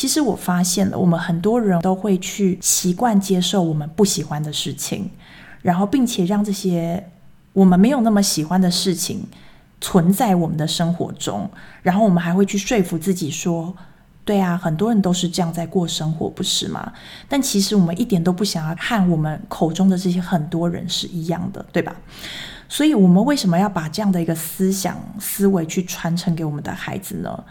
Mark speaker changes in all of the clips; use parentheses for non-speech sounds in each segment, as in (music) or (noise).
Speaker 1: 其實我發現了，我們很多人都會去習慣接受我們不喜歡的事情，然後並且讓這些我們沒有那麼喜歡的事情存在我們的生活中，然後我們還會去說服自己說，對啊，很多人都是這樣在過生活，不是嗎？但其實我們一點都不想要看我們口中的這些很多人是一樣的，對吧？所以，我們為什麼要把這樣的一個思想思維去傳承給我們的孩子呢？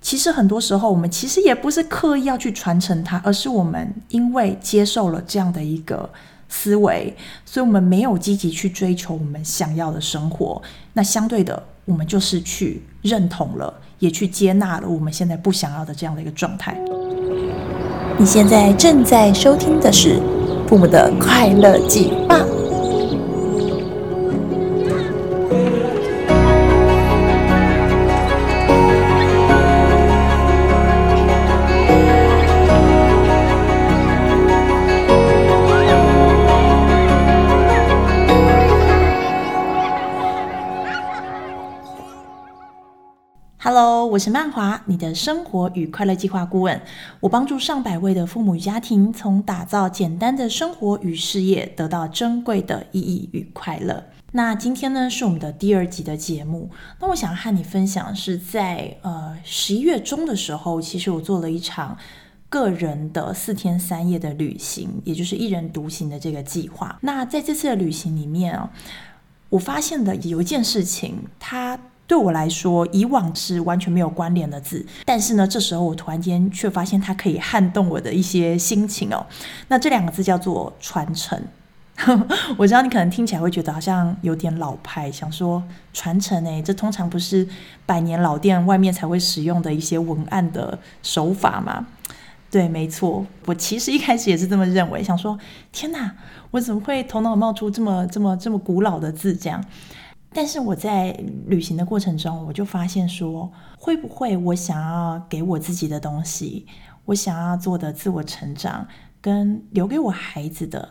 Speaker 1: 其實很多時候，我們其實也不是刻意要去傳承它，而是我們因為接受了這樣的一個思維，所以我們沒有積極去追求我們想要的生活。那相對的，我們就是去認同了，也去接納了我們現在不想要的這樣的一個狀態。你現在正在收聽的是《父母的快樂計劃》。是曼華，你的生活與快樂計劃顧問。我幫助上百位的父母與家庭，從打造簡單的生活與事業，得到珍貴的意義與快樂。那今天呢，是我們的第二集的節目。那我想和你分享的是在呃十一月中的時候，其實我做了一場個人的四天三夜的旅行，也就是一人獨行的這個計劃。那在這次的旅行裡面，哦，我發現的有一件事情，它，對我來說，以往是完全沒有關聯的字，但是呢，這時候我突然間卻發現它可以撼動我的一些心情哦。那這兩個字叫做傳承。 (laughs) 我知道你可能聽起來會覺得好像有點老派，想說傳承呢、欸，這通常不是百年老店外面才會使用的一些文案的手法嗎？對，沒錯，我其實一開始也是這麼認為，想說天哪，我怎麼會頭腦冒出這麼這麼這麼古老的字這樣？但是我在旅行的過程中，我就發現說，會不會我想要給我自己的東西，我想要做的自我成長，跟留給我孩子的，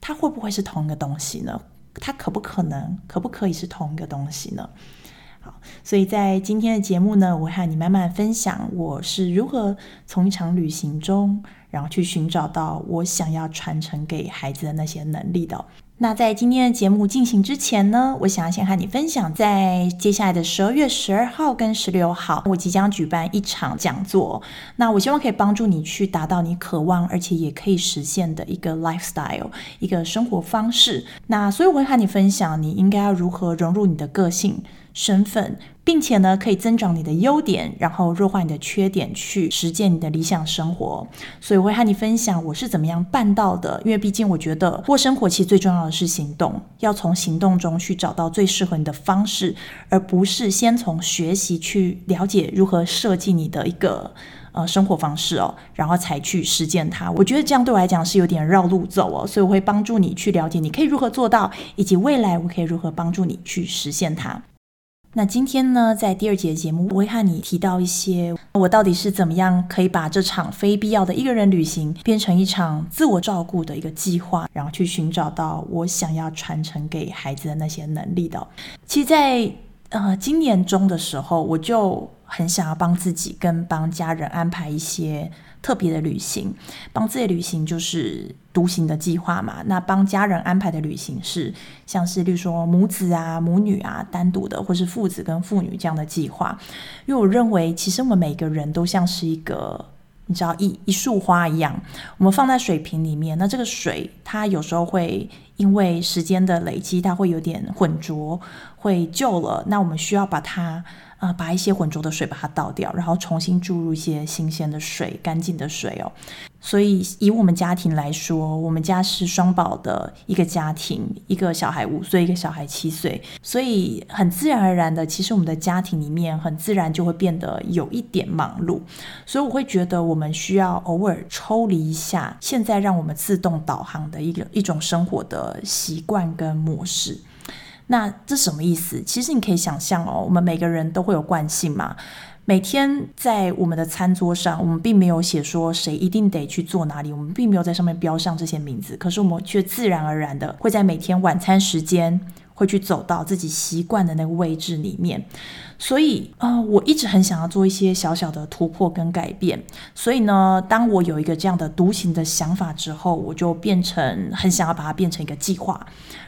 Speaker 1: 它會不會是同一個東西呢？它可不可能，可不可以是同一個東西呢？好，所以在今天的節目呢，我和你慢慢分享我是如何從一場旅行中，然後去尋找到我想要傳承給孩子的那些能力的。那在今天的節目進行之前呢，我想要先和你分享，在接下來的十二月十二號跟十六號，我即將舉辦一場講座。那我希望可以幫助你去達到你渴望而且也可以實現的一個 lifestyle，一個生活方式。那所以我會和你分享，你應該要如何融入你的個性。身份，並且呢，可以增長你的優點，然後弱化你的缺點，去實踐你的理想生活。所以我會和你分享我是怎麼樣辦到的，因為畢竟我覺得過生活其實最重要的是行動，要從行動中去找到最適合你的方式，而不是先從學習去了解如何設計你的一個呃生活方式哦，然後才去實踐它。我覺得這樣對我來講是有點繞路走哦，所以我會幫助你去了解你可以如何做到，以及未來我可以如何幫助你去實現它。那今天呢，在第二集的節目，我會和你提到一些我到底是怎麼樣可以把這場非必要的一個人旅行變成一場自我照顧的一個計劃，然後去尋找到我想要傳承給孩子的那些能力的。其實，在呃今年中的時候，我就很想要幫自己跟幫家人安排一些特別的旅行，幫自己的旅行就是。獨行的計劃嘛，那幫家人安排的旅行是像是，例如說母子啊、母女啊，單獨的，或是父子跟父女這樣的計劃。因為我認為，其實我們每個人都像是一個，你知道，一一束花一樣，我們放在水瓶裡面。那這個水，它有時候會因為時間的累積，它會有點渾濁，會舊了。那我們需要把它。啊，把一些渾濁的水把它倒掉，然後重新注入一些新鮮的水、乾淨的水哦。所以以我們家庭來說，我們家是雙寶的一個家庭，一個小孩五歲，一個小孩七歲，所以很自然而然的，其實我們的家庭裡面很自然就會變得有一點忙碌。所以我會覺得，我們需要偶爾抽離一下現在讓我們自動導航的一個一種生活的習慣跟模式。那這什麼意思？其實你可以想象哦，我們每個人都會有慣性嘛。每天在我們的餐桌上，我們並沒有寫說誰一定得去做哪裡，我們並沒有在上面標上這些名字。可是我們卻自然而然的會在每天晚餐時間會去走到自己習慣的那個位置裡面。所以，啊、呃，我一直很想要做一些小小的突破跟改變。所以呢，當我有一個這樣的獨行的想法之後，我就變成很想要把它變成一個計劃，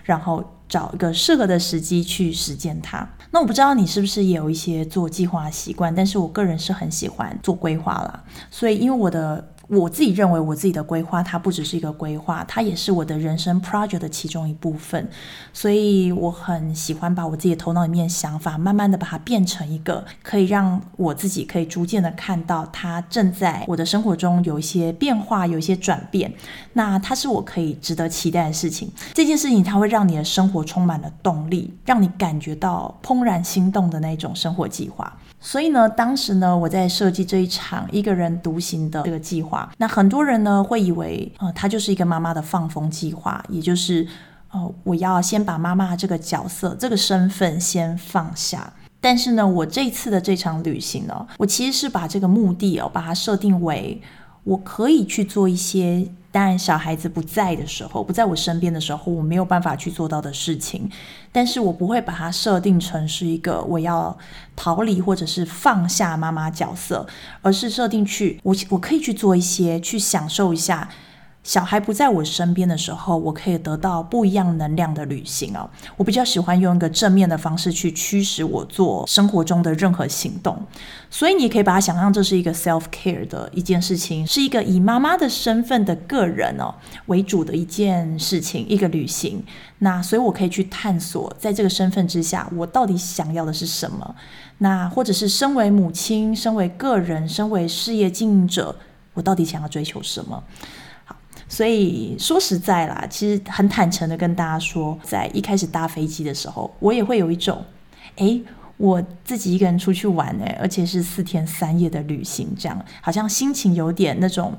Speaker 1: 然後。找一個適合的時機去實踐它。那我不知道你是不是也有一些做計劃的習慣，但是我個人是很喜歡做規劃啦。所以，因為我的。我自己認為，我自己的規劃它不只是一個規劃，它也是我的人生 project 的其中一部分。所以我很喜歡把我自己的頭腦裡面想法，慢慢的把它變成一個可以讓我自己可以逐漸的看到它正在我的生活中有一些變化，有一些轉變。那它是我可以值得期待的事情。這件事情它會讓你的生活充滿了動力，讓你感覺到怦然心動的那種生活計劃。所以呢，當時呢，我在設計這一場一個人獨行的這個計劃。那很多人呢會以為，呃，它就是一個媽媽的放風計劃，也就是，呃，我要先把媽媽這個角色、這個身份先放下。但是呢，我這次的這場旅行呢，我其實是把這個目的哦，把它設定為。我可以去做一些，當然小孩子不在的時候，不在我身邊的時候，我沒有辦法去做到的事情，但是我不會把它設定成是一個我要逃離或者是放下媽媽角色，而是設定去我，我可以去做一些，去享受一下。小孩不在我身邊的時候，我可以得到不一樣能量的旅行哦。我比較喜歡用一個正面的方式去驅使我做生活中的任何行動，所以你可以把它想象這是一個 self care 的一件事情，是一個以媽媽的身份的個人哦為主的一件事情，一個旅行。那所以，我可以去探索，在這個身份之下，我到底想要的是什麼？那或者是身為母親、身為個人、身為事業經營者，我到底想要追求什麼？所以說實在啦，其實很坦誠的跟大家說，在一開始搭飛機的時候，我也會有一種，哎，我自己一個人出去玩哎，而且是四天三夜的旅行，這樣好像心情有點那種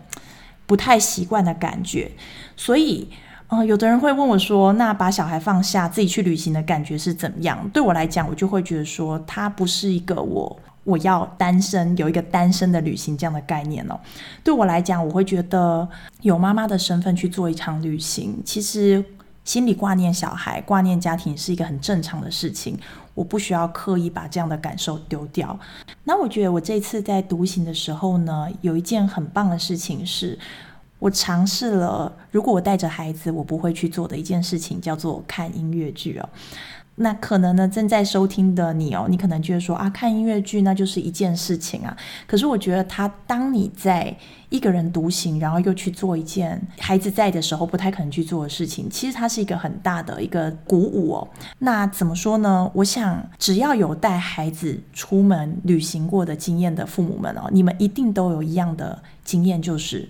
Speaker 1: 不太習慣的感覺。所以，嗯、呃，有的人會問我說，那把小孩放下自己去旅行的感覺是怎麼樣？對我來講，我就會覺得說，他不是一個我。我要單身，有一個單身的旅行這樣的概念哦。對我來講，我會覺得有媽媽的身份去做一場旅行，其實心裡掛念小孩、掛念家庭是一個很正常的事情。我不需要刻意把這樣的感受丟掉。那我覺得我這次在獨行的時候呢，有一件很棒的事情是，我嘗試了如果我帶着孩子，我不會去做的一件事情，叫做看音樂劇哦。那可能呢，正在收聽的你哦，你可能覺得說啊，看音樂劇那就是一件事情啊。可是我覺得，他當你在一個人獨行，然後又去做一件孩子在的時候不太可能去做的事情，其實它是一個很大的一個鼓舞哦。那怎麼說呢？我想，只要有帶孩子出門旅行過的經驗的父母們哦，你們一定都有一樣的經驗，就是。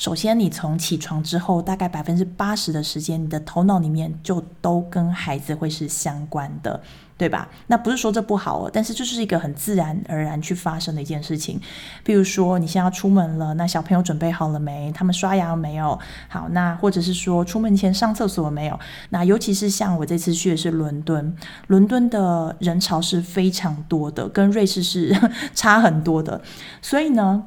Speaker 1: 首先，你從起床之後，大概百分之八十的時間，你的頭腦裡面就都跟孩子會是相關的，對吧？那不是說這不好哦，但是這是一個很自然而然去發生的一件事情。比如說，你現在要出門了，那小朋友準備好了沒？他們刷牙沒有？好，那或者是說出門前上廁所沒有？那尤其是像我這次去的是倫敦，倫敦的人潮是非常多的，跟瑞士是 (laughs) 差很多的，所以呢，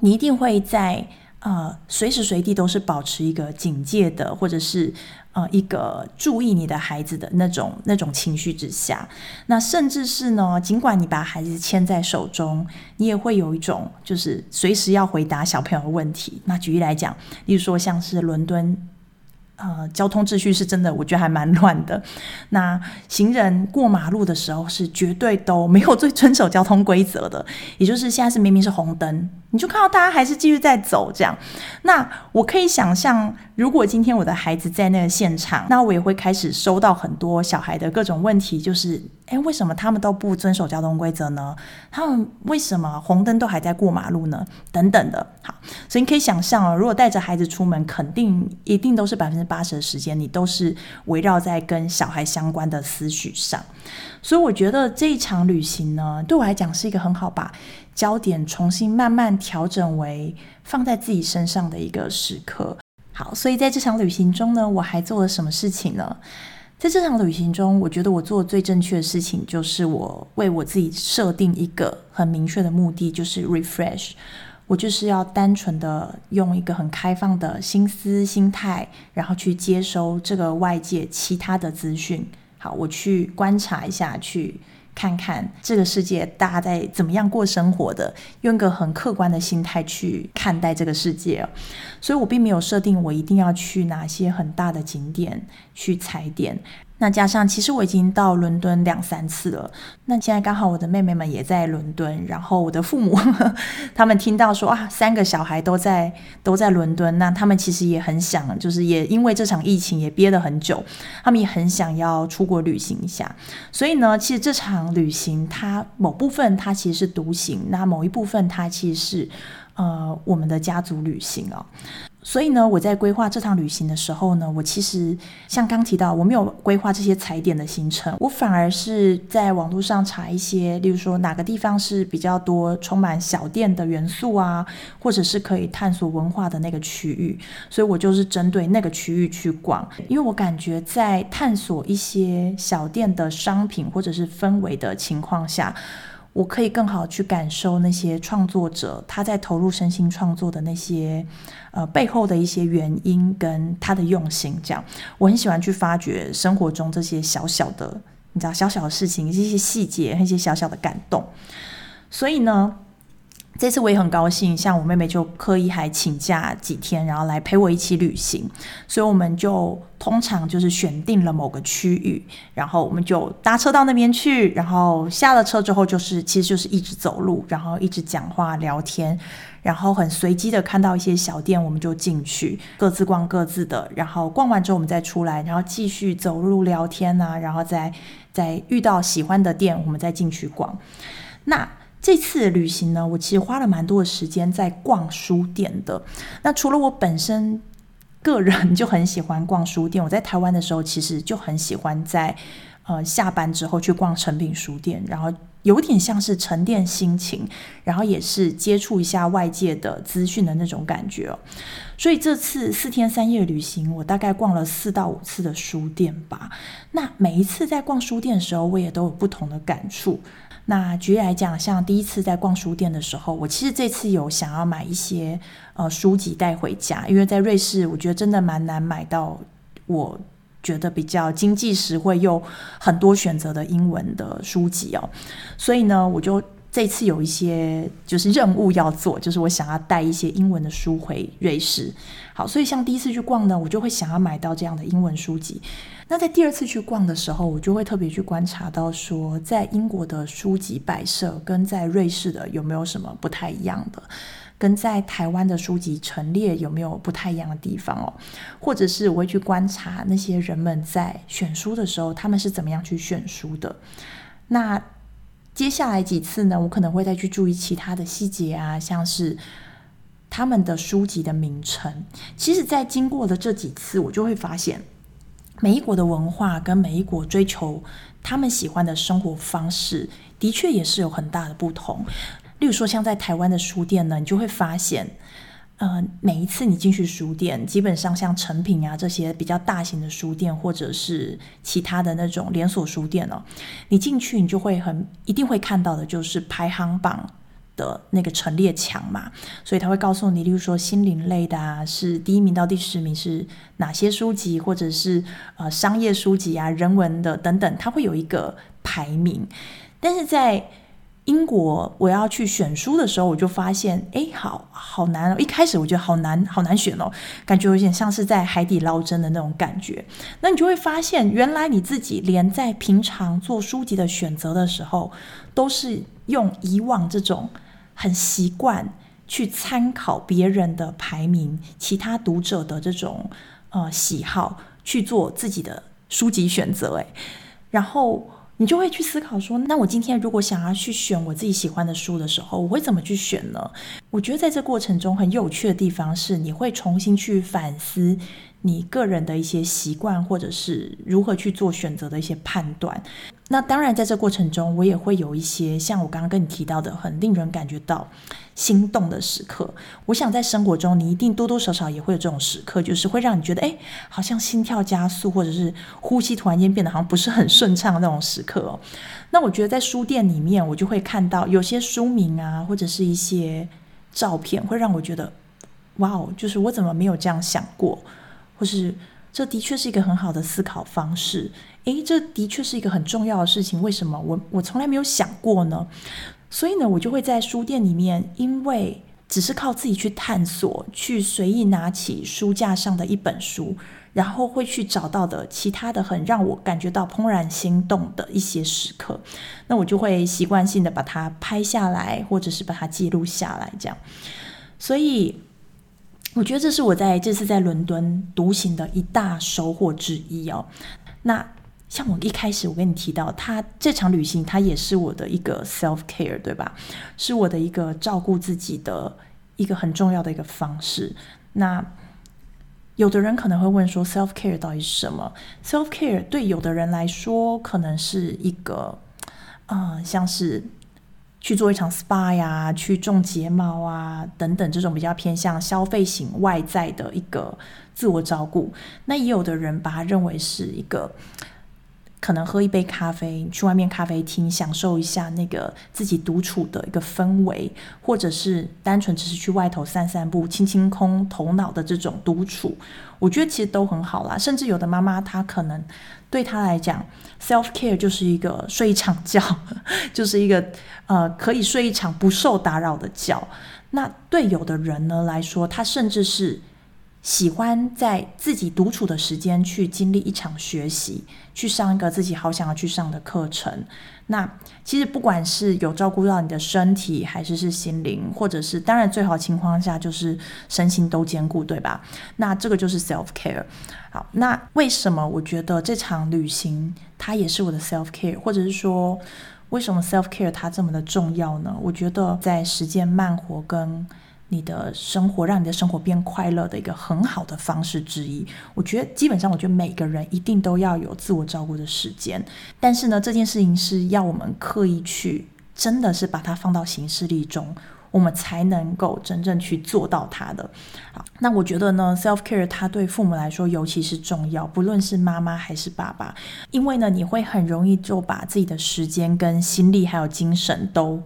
Speaker 1: 你一定會在。呃，隨時隨地都是保持一個警戒的，或者是呃一個注意你的孩子的那種那種情緒之下，那甚至是呢，儘管你把孩子牽在手中，你也會有一種就是隨時要回答小朋友的問題。那舉例來講，例如說像是倫敦，呃，交通秩序是真的，我覺得還蠻亂的。那行人過馬路的時候是絕對都沒有遵遵守交通規則的，也就是現在是明明是紅燈。你就看到大家還是繼續在走，這樣。那我可以想象，如果今天我的孩子在那個現場，那我也會開始收到很多小孩的各種問題，就是，哎，為什麼他們都不遵守交通規則呢？他們為什麼紅燈都還在過馬路呢？等等的。好，所以你可以想象啊，如果帶着孩子出門，肯定一定都是百分之八十的時間，你都是圍繞在跟小孩相關的思緒上。所以我覺得這一場旅行呢，對我來講是一個很好吧。焦點重新慢慢調整為放在自己身上的一個時刻。好，所以在這場旅行中呢，我還做了什麼事情呢？在這場旅行中，我覺得我做的最正確的事情就是我為我自己設定一個很明確的目的，就是 refresh。我就是要單純的用一個很開放的心思、心態，然後去接收這個外界其他的資訊。好，我去觀察一下，去。看看這個世界，大家在怎麼樣過生活的，用個很客觀的心態去看待這個世界。所以我並沒有設定我一定要去哪些很大的景點去踩點。那加上，其實我已經到倫敦兩三次了。那現在剛好我的妹妹們也在倫敦，然後我的父母他們聽到說啊，三個小孩都在都在倫敦，那他們其實也很想，就是也因為這場疫情也憋了很久，他們也很想要出國旅行一下。所以呢，其實這場旅行它某部分它其實是獨行，那某一部分它其實是，呃，我們的家族旅行哦。所以呢，我在規劃這趟旅行的時候呢，我其實像剛提到，我沒有規劃這些踩點的行程，我反而是在網絡上查一些，例如說哪個地方是比較多充滿小店的元素啊，或者是可以探索文化的那個區域，所以我就是針對那個區域去逛，因為我感覺在探索一些小店的商品或者是氛圍的情況下，我可以更好去感受那些創作者他在投入身心創作的那些，呃，背後的一些原因跟他的用心。這樣，我很喜歡去發掘生活中這些小小的，你知道，小小的事情，這些細節，一些小小的感動。所以呢。這次我也很高興，像我妹妹就刻意還請假幾天，然後來陪我一起旅行。所以我們就通常就是選定了某個區域，然後我們就搭車到那邊去，然後下了車之後就是其實就是一直走路，然後一直講話聊天，然後很隨機的看到一些小店，我們就進去各自逛各自的，然後逛完之後我們再出來，然後繼續走路聊天啊，然後再再遇到喜歡的店，我們再進去逛。那。這次旅行呢，我其實花了蠻多的時間在逛書店的。那除了我本身個人就很喜歡逛書店，我在台灣的時候其實就很喜歡在呃下班之後去逛誠品書店，然後有點像是沉澱心情，然後也是接觸一下外界的資訊的那種感覺哦。所以這次四天三夜旅行，我大概逛了四到五次的書店吧。那每一次在逛書店的時候，我也都有不同的感觸。那舉例來講，像第一次在逛書店的時候，我其實這次有想要買一些呃書籍帶回家，因為在瑞士，我覺得真的蠻難買到我覺得比較經濟實惠又很多選擇的英文的書籍哦，所以呢，我就。這次有一些就是任務要做，就是我想要帶一些英文的書回瑞士。好，所以像第一次去逛呢，我就會想要買到這樣的英文書籍。那在第二次去逛的時候，我就會特別去觀察到說，在英國的書籍擺設跟在瑞士的有沒有什麼不太一樣的，跟在台灣的書籍陳列有沒有不太一樣的地方哦，或者是我會去觀察那些人們在選書的時候，他們是怎麼樣去選書的。那，接下來幾次呢，我可能會再去注意其他的細節啊，像是他們的書籍的名稱。其實，在經過的這幾次，我就會發現，每一國的文化跟每一國追求他們喜歡的生活方式，的確也是有很大的不同。例如說，像在台灣的書店呢，你就會發現，呃，每一次你進去書店，基本上像誠品啊這些比較大型的書店，或者是其他的那種連鎖書店哦，你進去你就會很一定會看到的就是排行榜的那個陳列牆嘛，所以他會告訴你，例如說心靈類的啊，是第一名到第十名是哪些書籍，或者是呃商業書籍啊、人文的等等，他會有一個排名，但是在。英國，我要去選書的時候，我就發現，哎，好好難哦！一開始我覺得好難，好難選哦，感覺有點像是在海底撈針的那種感覺。那你就會發現，原來你自己連在平常做書籍的選擇的時候，都是用以往這種很習慣去參考別人的排名、其他讀者的這種呃喜好去做自己的書籍選擇。哎，然後。你就會去思考說，那我今天如果想要去選我自己喜歡的書的時候，我會怎麼去選呢？我覺得在這過程中很有趣的地方是，你會重新去反思你個人的一些習慣，或者是如何去做選擇的一些判斷。那當然，在這過程中，我也會有一些像我剛剛跟你提到的，很令人感覺到。心動的時刻，我想在生活中你一定多多少少也會有這種時刻，就是會讓你覺得，哎，好像心跳加速，或者是呼吸突然間變得好像不是很順暢的那種時刻哦。那我覺得在書店裡面，我就會看到有些書名啊，或者是一些照片，會讓我覺得，哇哦，就是我怎麼沒有這樣想過，或是這的確是一個很好的思考方式，哎，這的確是一個很重要的事情，為什麼我我從來沒有想過呢？所以呢，我就會在書店裡面，因為只是靠自己去探索，去隨意拿起書架上的一本書，然後會去找到的其他的很讓我感覺到怦然心動的一些時刻，那我就會習慣性的把它拍下來，或者是把它記錄下來，這樣。所以我覺得這是我在這次在倫敦獨行的一大收穫之一哦。那。像我一開始我跟你提到，他這場旅行，他也是我的一個 self care，對吧？是我的一個照顧自己的一個很重要的一個方式。那有的人可能會問說，self care 到底是什麼？self care 對有的人來說，可能是一個，嗯、呃，像是去做一場 SPA 呀，去種睫毛啊等等，這種比較偏向消費型外在的一個自我照顧。那也有的人把它認為是一個。可能喝一杯咖啡，去外面咖啡廳享受一下那個自己獨處的一個氛圍，或者是單純只是去外頭散散步、清清空頭腦的這種獨處，我覺得其實都很好啦。甚至有的媽媽，她可能對她來講，self care 就是一個睡一場覺，就是一個呃可以睡一場不受打擾的覺。那對有的人呢來說，她甚至是。喜歡在自己獨處的時間去經歷一場學習，去上一個自己好想要去上的課程。那其實不管是有照顧到你的身體，還是是心靈，或者是當然最好的情況下就是身心都兼顧，對吧？那這個就是 self care。好，那為什麼我覺得這場旅行它也是我的 self care，或者是說為什麼 self care 它這麼的重要呢？我覺得在實踐慢活跟。你的生活，讓你的生活變快樂的一個很好的方式之一。我覺得基本上，我覺得每個人一定都要有自我照顧的時間。但是呢，這件事情是要我們刻意去，真的是把它放到行事曆中，我們才能夠真正去做到它的。好，那我覺得呢，self care 它對父母來說尤其是重要，不論是媽媽還是爸爸，因為呢，你會很容易就把自己的時間、跟心力，還有精神都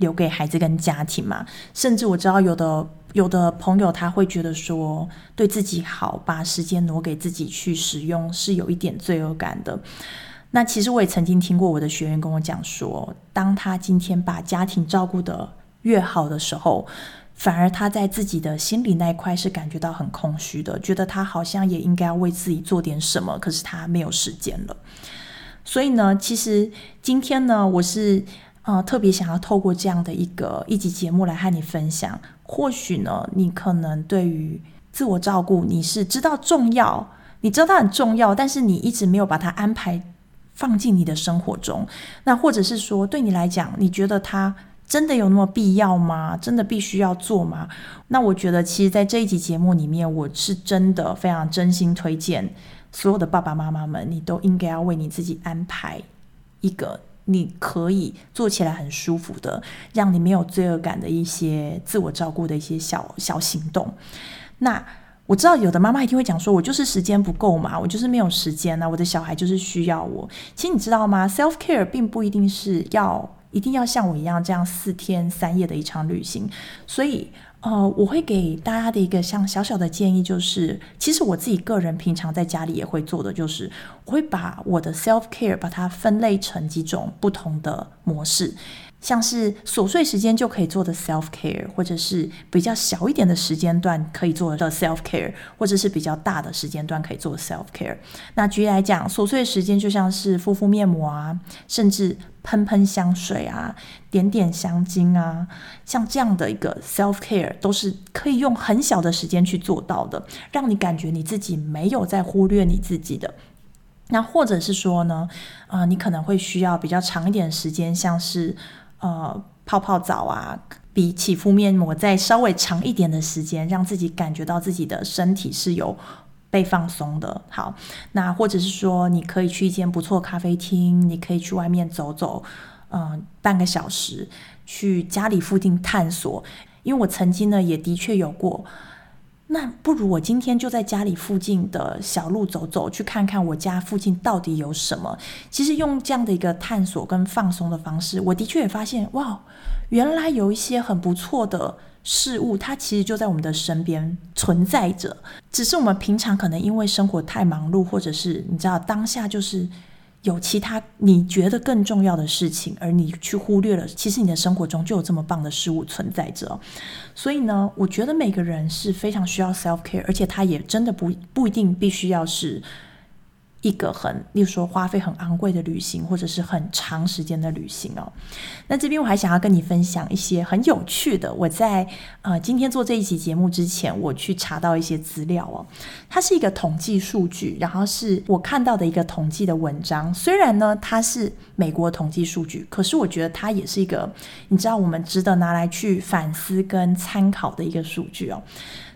Speaker 1: 留給孩子跟家庭嘛，甚至我知道有的有的朋友他會覺得說，對自己好，把時間挪給自己去使用是有一點罪惡感的。那其實我也曾經聽過我的學員跟我講說，當他今天把家庭照顧得越好的時候，反而他在自己的心裡那塊是感覺到很空虛的，覺得他好像也應該為自己做點什麼，可是他沒有時間了。所以呢，其實今天呢，我是。啊、呃，特別想要透過這樣的一個一集節目來和你分享。或許呢，你可能對於自我照顧，你是知道重要，你知道它很重要，但是你一直沒有把它安排放進你的生活中。那或者是說，對你來講，你覺得它真的有那麼必要嗎？真的必須要做嗎？那我覺得，其實，在這一集節目裡面，我是真的非常真心推薦所有的爸爸媽媽們，你都應該要為你自己安排一個。你可以做起來很舒服的，讓你沒有罪惡感的一些自我照顧的一些小小行動。那我知道有的媽媽一定會講說：“我就是時間不夠嘛，我就是沒有時間啊，我的小孩就是需要我。”其實你知道嗎？Self care 並不一定是要一定要像我一樣這樣四天三夜的一場旅行，所以。呃，我會給大家的一個像小小的建議，就是其實我自己個人平常在家裡也會做的，就是我會把我的 self care 把它分類成幾種不同的模式。像是瑣碎時間就可以做的 self care，或者是比較小一點的時間段可以做的 self care，或者是比較大的時間段可以做 self care。那舉例來講，瑣碎時間就像是敷敷面膜啊，甚至噴噴香水啊，點點香精啊，像這樣的一個 self care 都是可以用很小的時間去做到的，讓你感覺你自己沒有在忽略你自己的。那或者是說呢，啊、呃，你可能會需要比較長一點的時間，像是。呃，泡泡澡啊，比起敷面膜再稍微長一點的時間，讓自己感覺到自己的身體是有被放鬆的。好，那或者是說，你可以去一間不錯的咖啡廳，你可以去外面走走，嗯、呃，半個小時去家裡附近探索。因為我曾經呢，也的確有過。那不如，我今天就在家裡附近的小路走走，去看看我家附近到底有什麼。其實用這樣的一個探索跟放鬆的方式，我的確也發現，哇，原來有一些很不錯的事物，它其實就在我們的身邊存在着。只是我們平常可能因為生活太忙碌，或者是你知道當下就是。有其他你覺得更重要的事情，而你去忽略了，其實你的生活中就有這麼棒的事物存在着。所以呢，我覺得每個人是非常需要 self care，而且他也真的不不一定必須要是。一個很，例如說花費很昂貴的旅行，或者是很長時間的旅行哦。那這邊我還想要跟你分享一些很有趣的。我在呃今天做這一期節目之前，我去查到一些資料哦。它是一個統計數據，然後是我看到的一個統計的文章。雖然呢，它是美國統計數據，可是我覺得它也是一個你知道我們值得拿來去反思跟參考的一個數據哦。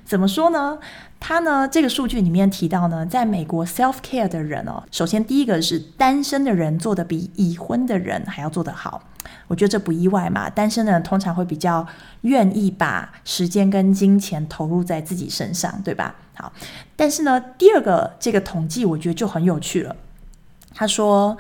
Speaker 1: 怎麼說呢？他呢？這個數據裡面提到呢，在美國，self care 的人哦，首先第一個是單身的人做得比已婚的人還要做得好，我覺得這不意外嘛。單身的人通常會比較願意把時間跟金錢投入在自己身上，對吧？好，但是呢，第二個這個統計我覺得就很有趣了，他說。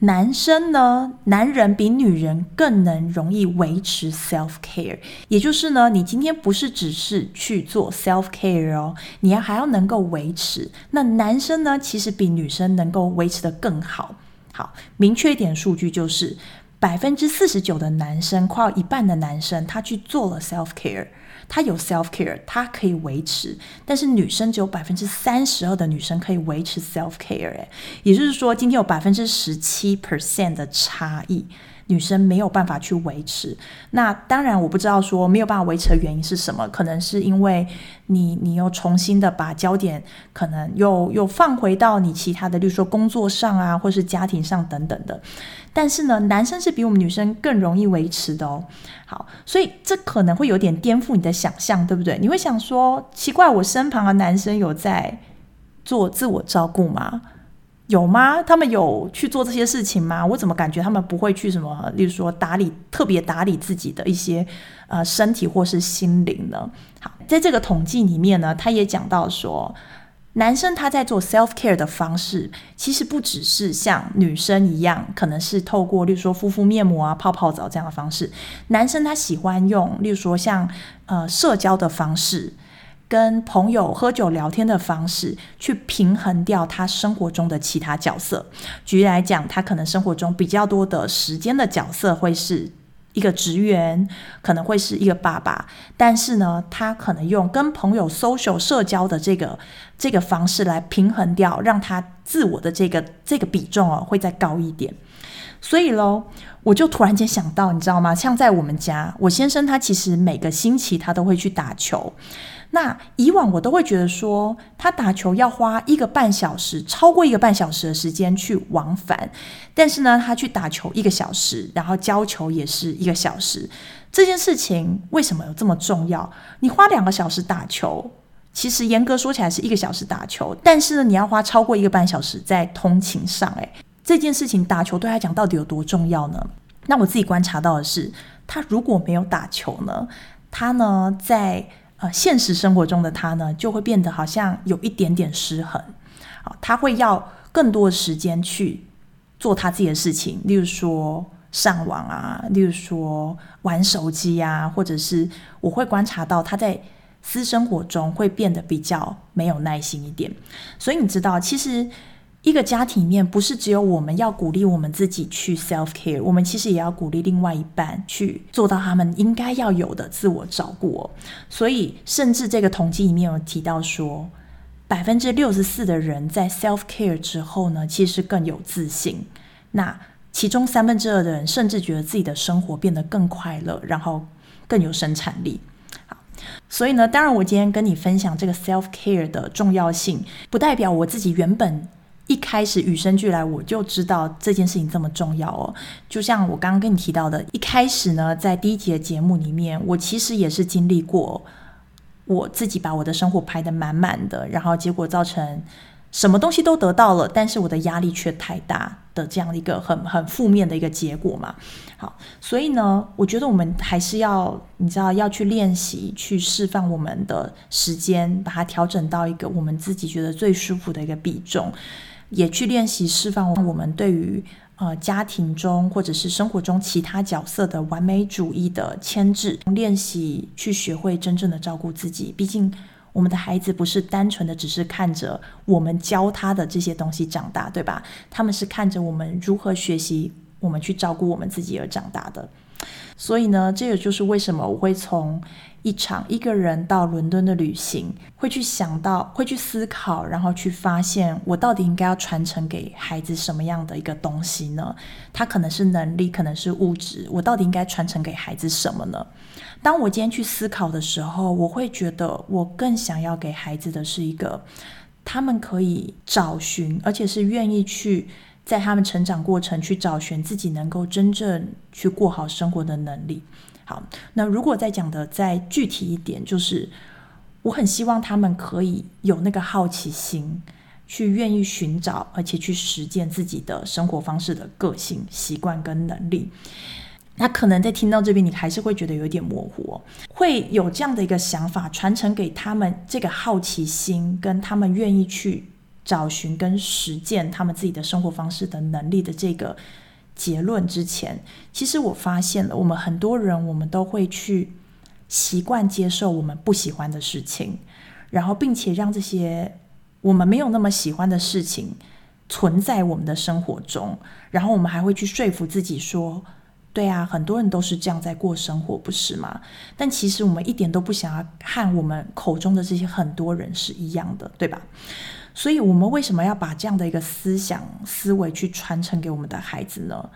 Speaker 1: 男生呢，男人比女人更能容易維持 self care，也就是呢，你今天不是只是去做 self care 哦，你要還要能夠維持。那男生呢，其實比女生能夠維持得更好。好，明確一點數據就是，百分之四十九的男生，快要一半的男生，他去做了 self care。他有 self care，他可以維持，但是女生只有百分之三十二的女生可以維持 self care，哎、欸，也就是說，今天有百分之十七 percent 的差異。女生沒有辦法去維持，那當然我不知道說沒有辦法維持的原因是什麼，可能是因為你你又重新的把焦點可能又又放回到你其他的，例如說工作上啊，或是家庭上等等的。但是呢，男生是比我們女生更容易維持的哦。好，所以這可能會有點顛覆你的想象，對不對？你會想說，奇怪，我身旁的男生有在做自我照顧嗎？有嗎？他們有去做這些事情嗎？我怎麼感覺他們不會去什麼，例如說打理，特別打理自己的一些呃身體或是心靈呢？好，在這個統計裡面呢，他也講到說，男生他在做 self care 的方式，其實不只是像女生一樣，可能是透過例如說敷敷面膜啊、泡泡澡這樣的方式。男生他喜歡用例如說像呃社交的方式。跟朋友喝酒聊天的方式去平衡掉他生活中的其他角色。舉例來講，他可能生活中比較多的時間的角色會是一個職員，可能會是一個爸爸，但是呢，他可能用跟朋友 social 社交的這個這個方式來平衡掉，讓他自我的這個這個比重哦，會再高一點。所以嘍，我就突然間想到，你知道嗎？像在我們家，我先生他其實每個星期他都會去打球。那以往我都會覺得說，他打球要花一個半小時，超過一個半小時的時間去往返。但是呢，他去打球一個小時，然後教球也是一個小時。這件事情為什麼有這麼重要？你花兩個小時打球，其實嚴格說起來是一個小時打球，但是呢，你要花超過一個半小時在通勤上。誒，這件事情打球對他講到底有多重要呢？那我自己觀察到的是，他如果沒有打球呢，他呢在。呃，現實生活中的他呢，就會變得好像有一點點失衡，好，他會要更多的時間去做他自己的事情，例如說上網啊，例如說玩手機啊，或者是我會觀察到他在私生活中會變得比較沒有耐心一點，所以你知道，其實。一個家庭裡面，不是只有我們要鼓勵我們自己去 self care，我們其實也要鼓勵另外一半去做到他們應該要有的自我照顧。所以，甚至這個統計裡面有提到說，百分之六十四的人在 self care 之後呢，其實更有自信。那其中三分之二的人甚至覺得自己的生活變得更快樂，然後更有生產力。好，所以呢，當然我今天跟你分享這個 self care 的重要性，不代表我自己原本。一開始與生俱來，我就知道這件事情這麼重要哦。就像我剛剛跟你提到的，一開始呢，在第一集的節目裡面，我其實也是經歷過，我自己把我的生活排得滿滿的，然後結果造成什麼東西都得到了，但是我的壓力卻太大的這樣一個很很負面的一個結果嘛。好，所以呢，我覺得我們還是要，你知道，要去練習，去釋放我們的時間，把它調整到一個我們自己覺得最舒服的一個比重。也去練習釋放我們對於呃家庭中或者是生活中其他角色的完美主義的牽制，練習去學會真正的照顧自己。畢竟我們的孩子不是單純的只是看着我們教他的這些東西長大，對吧？他們是看着我們如何學習，我們去照顧我們自己而長大的。所以呢，這也就是為什麼我會從一場一個人到倫敦的旅行，會去想到，會去思考，然後去發現，我到底應該要傳承給孩子什麼樣的一個東西呢？它可能是能力，可能是物質，我到底應該傳承給孩子什麼呢？當我今天去思考的時候，我會覺得，我更想要給孩子的是一個，他們可以找尋，而且是願意去在他們成長過程去找尋自己能夠真正去過好生活的能力。好，那如果再講的再具體一點，就是我很希望他們可以有那個好奇心，去願意尋找，而且去實踐自己的生活方式的個性習慣跟能力。那可能在聽到這邊，你還是會覺得有一點模糊，會有這樣的一個想法傳承給他們這個好奇心跟他們願意去找尋跟實踐他們自己的生活方式的能力的這個。結論之前，其實我發現了，我們很多人，我們都會去習慣接受我們不喜歡的事情，然後，並且讓這些我們沒有那麼喜歡的事情存在我們的生活中，然後我們還會去說服自己說，對啊，很多人都是這樣在過生活，不是嗎？但其實我們一點都不想要和我們口中的這些很多人是一樣的，對吧？所以，我們為什麼要把這樣的一個思想思維去傳承給我們的孩子呢？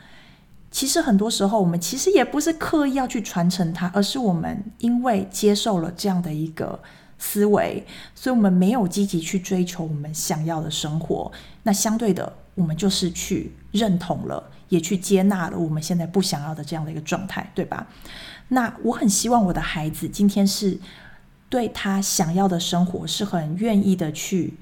Speaker 1: 其實很多時候，我們其實也不是刻意要去傳承它，而是我們因為接受了這樣的一個思維，所以我們沒有積極去追求我們想要的生活。那相對的，我們就是去認同了，也去接納了我們現在不想要的這樣的一個狀態，對吧？那我很希望我的孩子今天是對他想要的生活是很願意的去。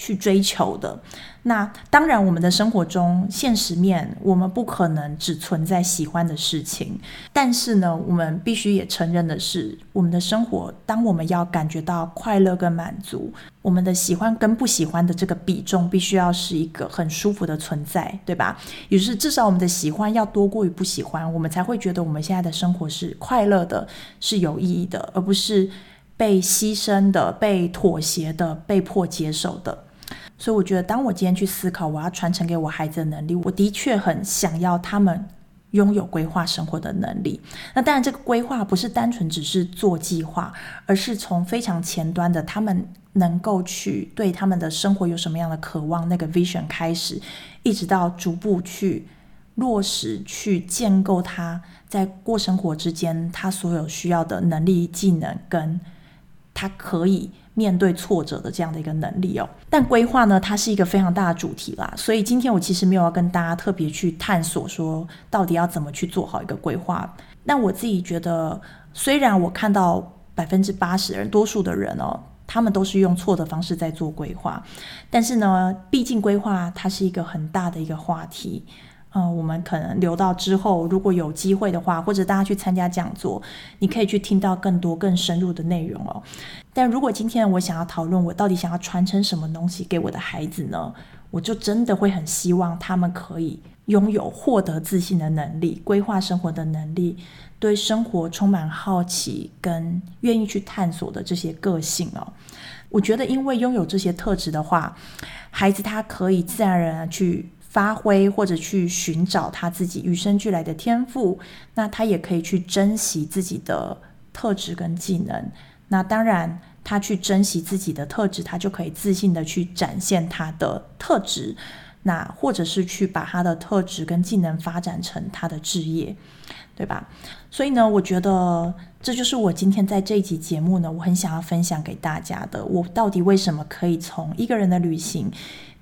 Speaker 1: 去追求的，那當然，我們的生活中現實面，我們不可能只存在喜歡的事情。但是呢，我們必須也承認的是，我們的生活，當我們要感覺到快樂跟滿足，我們的喜歡跟不喜歡的這個比重，必須要是一個很舒服的存在，對吧？於是至少我們的喜歡要多過於不喜歡，我們才會覺得我們現在的生活是快樂的，是有意義的，而不是被犧牲的、被妥協的、被迫接受的。所以我覺得，當我今天去思考我要傳承給我孩子的能力，我的確很想要他們擁有規劃生活的能力。那當然，這個規劃不是單純只是做計劃，而是從非常前端的他們能夠去對他們的生活有什麼樣的渴望，那個 vision 開始，一直到逐步去落實、去建構他在過生活之間他所有需要的能力、技能，跟他可以面對挫折的這樣的一個能力哦，但規劃呢，它是一個非常大的主題啦。所以今天我其實沒有要跟大家特別去探索，說到底要怎麼去做好一個規劃。那我自己覺得，雖然我看到百分之八十的人，多數的人哦，他們都是用錯的方式在做規劃，但是呢，畢竟規劃它是一個很大的一個話題，嗯、呃，我們可能留到之後，如果有機會的話，或者大家去參加講座，你可以去聽到更多更深入的內容哦。但如果今天我想要討論我到底想要傳承什麼東西給我的孩子呢？我就真的會很希望他們可以擁有獲得自信的能力、規劃生活的能力，對生活充滿好奇跟願意去探索的這些個性哦。我覺得，因為擁有這些特質的話，孩子他可以自然而然去發揮或者去尋找他自己與生俱來的天賦，那他也可以去珍惜自己的特質跟技能。那當然，他去珍惜自己的特質，他就可以自信地去展現他的特質，那或者是去把他的特質跟技能發展成他的職業。對吧？所以呢，我覺得這就是我今天在這一集節目呢，我很想要分享給大家的。我到底為什麼可以從一個人的旅行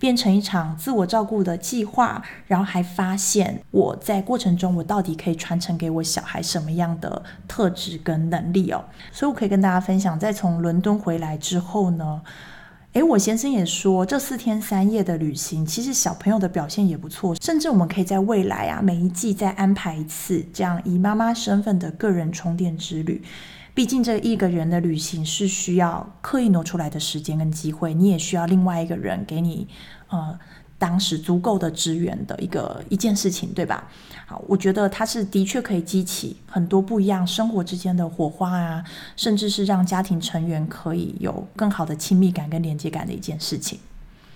Speaker 1: 變成一場自我照顧的計劃？然後還發現我在過程中，我到底可以傳承給我小孩什麼樣的特質跟能力哦？所以我可以跟大家分享，在從倫敦回來之後呢。誒，我先生也說，這四天三夜的旅行，其實小朋友的表現也不錯，甚至我們可以在未來啊，每一季再安排一次這樣以媽媽身份的個人充電之旅。畢竟這一個人的旅行是需要刻意挪出來的時間跟機會，你也需要另外一個人給你，呃，當時足夠的支援的一個一件事情，對吧？好，我覺得它是的確可以激起很多不一樣生活之間的火花啊，甚至是讓家庭成員可以有更好的親密感跟連接感的一件事情。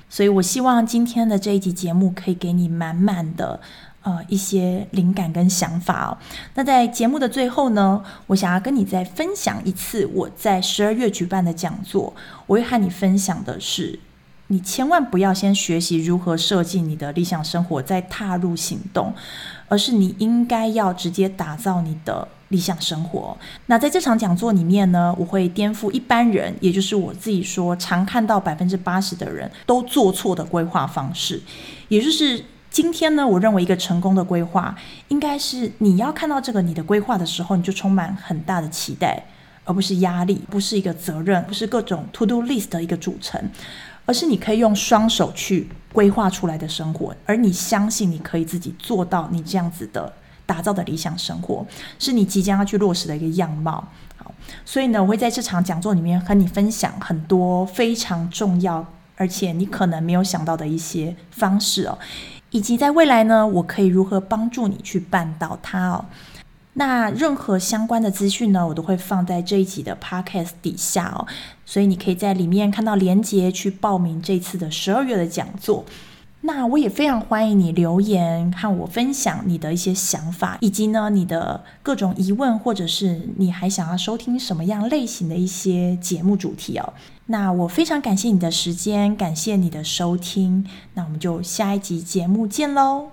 Speaker 1: 所以，我希望今天的這一集節目可以給你滿滿的呃一些靈感跟想法哦。那在節目的最後呢，我想要跟你再分享一次我在十二月舉辦的講座。我會和你分享的是，你千萬不要先學習如何設計你的理想生活，再踏入行動。而是你應該要直接打造你的理想生活。那在這場講座裡面呢，我會顛覆一般人，也就是我自己說常看到百分之八十的人都做錯的規劃方式。也就是今天呢，我認為一個成功的規劃，應該是你要看到這個你的規劃的時候，你就充滿很大的期待，而不是壓力，不是一個責任，不是各種 to do list 的一個組成。而是你可以用雙手去規劃出來的生活，而你相信你可以自己做到你這樣子的打造的理想生活，是你即將要去落實的一個樣貌。好，所以呢，我會在這場講座裡面和你分享很多非常重要，而且你可能沒有想到的一些方式哦，以及在未來呢，我可以如何幫助你去辦到它哦。那任何相關的資訊呢，我都會放在這一集的 podcast 底下哦，所以你可以在裡面看到連接去報名這次的十二月的講座。那我也非常歡迎你留言和我分享你的一些想法，以及呢，你的各種疑問，或者是你還想要收聽什麼樣類型的一些節目主題哦。那我非常感謝你的時間，感謝你的收聽，那我們就下一集節目見嘍。